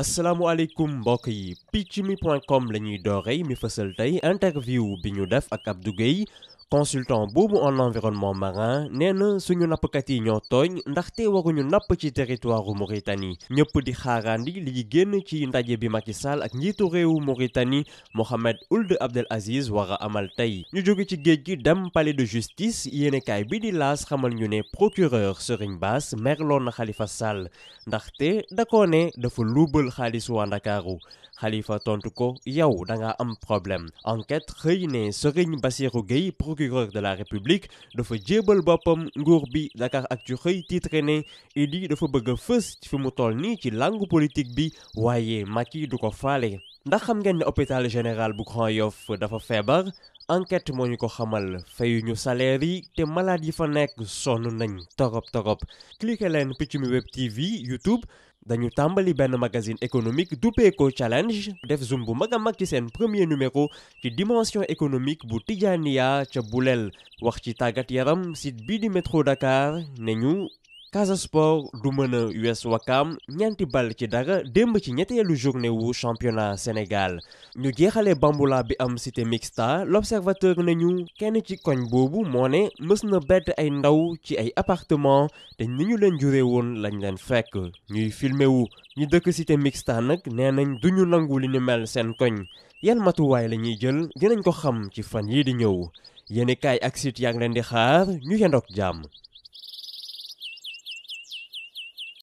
asalaamaaleykum mbokk yi picc mi point com la ñuy dooree mi fësal tey interview bi ñu def ak Abdou Guèye consultant boobu en environnement marin nee na suñu nappkat yi ñoo tooñ ndaxte waruñu napp ci territoire Mauritanie ñëpp di xaaraandi li génn ci ndaje bi Macky Sall ak njiitu réewu Mauritanie Mohamed Ould Abdel Aziz war a amal tey ñu jóge ci géej gi dem palais de justice yéenekaay bi di laas xamal ñu ne procureur Serigne baas merloon na Khalifa Sall ndaxte da ko ne dafa luubal xaalisu waa Ndakaaru xalifa tontu ko yow da nga am problème enquête xëy ne Serigne Bassirou Gueye procureur de la République dafa jéebal boppam nguur bi Dakaractu xëy titre ne Idi dafa bëgg a fës fi mu toll nii ci langue politique bi waaye mag yi du ko fale ndax xam ngeen ne hôpital général bu Grand Yoff dafa feebar enquête moo ñu ko xamal fayuñu salaire yi te malade yi fa nekk sonn nañ torop torop cliquer leen Peccum web TV YouTube dañu tàmbali benn magazine économique duppee ko challenge def zoom bu mag a mag ci seen premier numéro ci dimension économique bu Tijaniya ca Boulel wax ci tàggat yaram site bii di métro Dakar ne ñu Casa Sport du mën a US Wakam ñeenti ball ci dara démb ci ñetteelu journée wu championnat Sénégal ñu jeexalee bambula bi am cité mixta l'observateur nañu kenn ci koñ boobu moo ne mës na bett ay ndaw ci ay appartement te ni ñu leen juree woon lañ leen fekk ñuy filmer wu ñu dëkk cité mixta nag nee nañ duñu nangu li ni mel seen koñ yan matuwaay la ñuy jël dinañ ko xam ci fan yii di ñëw yéeni kaay ak site yaa ngi leen di xaar ñu yendoog jàmm